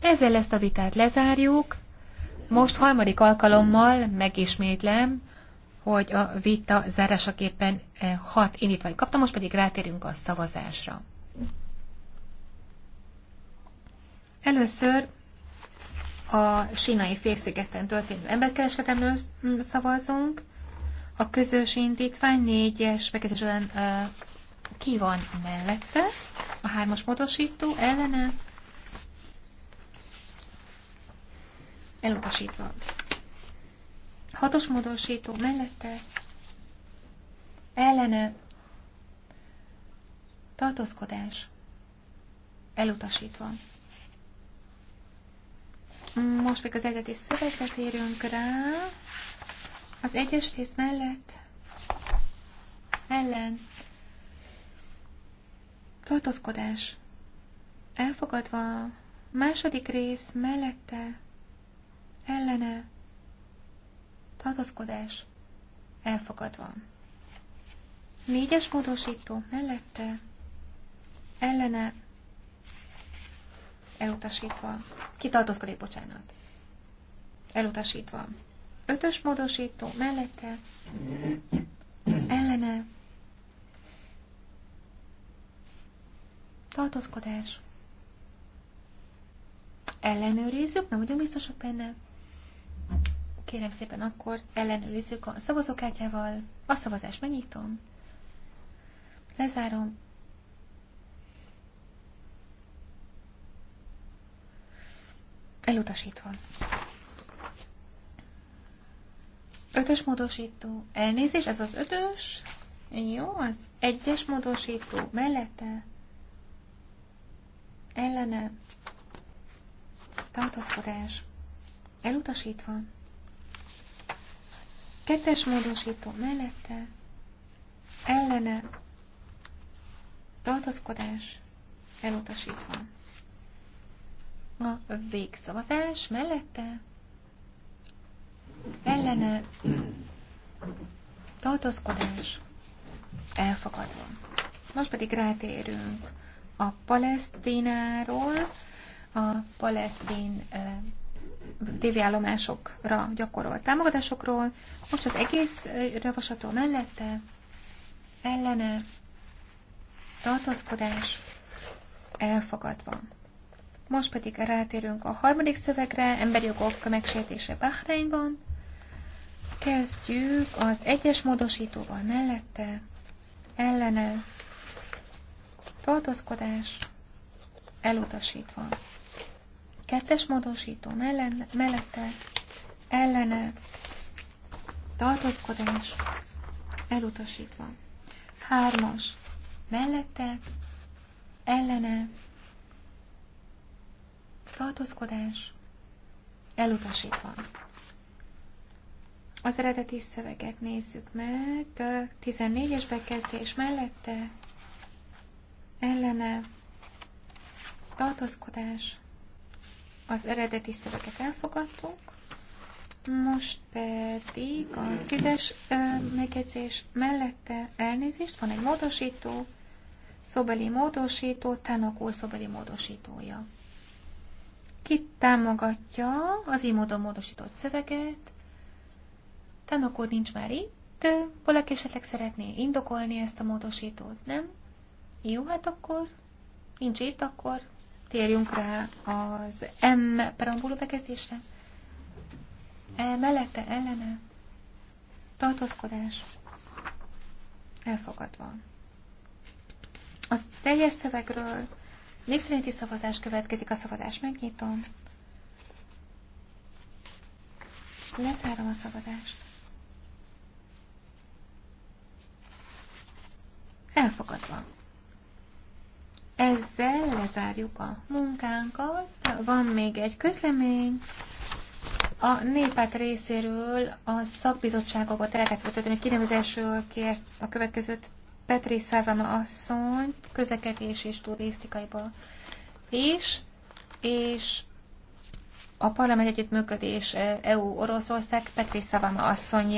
Ezzel ezt a vitát lezárjuk. Most harmadik alkalommal megismétlem, hogy a vita zárásaképpen eh, hat indítvány kaptam, most pedig rátérünk a szavazásra. Először a sínai félszigeten történő emberkereskedelmről szavazunk. A közös indítvány négyes bekezdés után eh, ki van mellette? A hármas módosító ellene elutasítva. Hatos módosító mellette ellene tartózkodás elutasítva. Most még az eredeti szövegre térünk rá. Az egyes rész mellett ellen tartózkodás elfogadva. Második rész mellette ellene, tagaszkodás elfogadva. Négyes módosító mellette, ellene, elutasítva. kitartozkodik, bocsánat. Elutasítva. Ötös módosító mellette, ellene, tartozkodás. Ellenőrizzük, nem vagyunk biztosak benne. Kérem szépen akkor ellenőrizzük a szavazókártyával. A szavazást megnyitom. Lezárom. Elutasítva. Ötös módosító. Elnézés, ez az ötös. Jó, az egyes módosító. Mellette. Ellene. Tartózkodás. Elutasítva. Kettes módosító mellette, ellene, tartozkodás, elutasítva. A végszavazás mellette, ellene, tartozkodás, elfogadva. Most pedig rátérünk a Palesztináról, a palesztin tévéállomásokra gyakorolt támogatásokról, most az egész javaslatról mellette, ellene, tartózkodás, elfogadva. Most pedig rátérünk a harmadik szövegre, emberi jogok megsértése Bahreinban. Kezdjük az egyes módosítóval mellette, ellene, tartózkodás, elutasítva. Kettes módosító mellene, mellette ellene tartózkodás elutasítva. Hármas mellette ellene tartózkodás elutasítva. Az eredeti szöveget nézzük meg. 14-es bekezdés mellette ellene tartózkodás az eredeti szöveget elfogadtuk, most pedig a tízes megjegyzés mellette elnézést, van egy módosító, szobeli módosító, tanokul szobeli módosítója. Ki támogatja az így módon módosított szöveget? Tanokul nincs már itt, valaki esetleg szeretné indokolni ezt a módosítót, nem? Jó, hát akkor nincs itt, akkor Térjünk rá az M perambuló bekezdésre. E mellette ellene tartózkodás elfogadva. A teljes szövegről népszerinti szavazás következik, a szavazás megnyitom. Leszárom a szavazást. Elfogadva. Ezzel lezárjuk a munkánkat. Van még egy közlemény. A népát részéről a szakbizottságokat delegációba történő kinevezésről kért a következőt Petri Szávama asszony közlekedés és turisztikaiba is, és a parlament együttműködés EU-Oroszország eh, e Petri Szávama asszony